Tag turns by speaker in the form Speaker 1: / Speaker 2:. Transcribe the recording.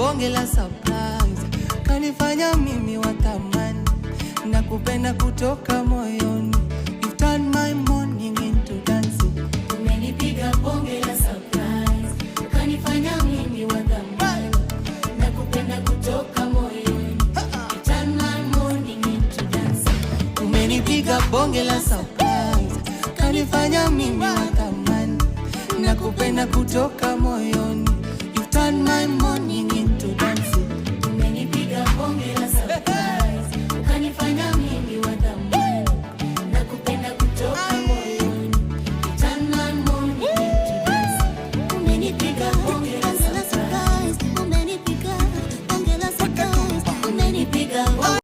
Speaker 1: bonge la surprise kanifanya mimi watamani na kupenda kutoka moyoni. my morning into dancing.
Speaker 2: Umenipiga bonge la surprise kanifanya mimi watamani na kupenda kutoka moyoni. my morning into
Speaker 1: dancing. bonge la surprise kanifanya mimi watamani na kupenda kutoka moyoni.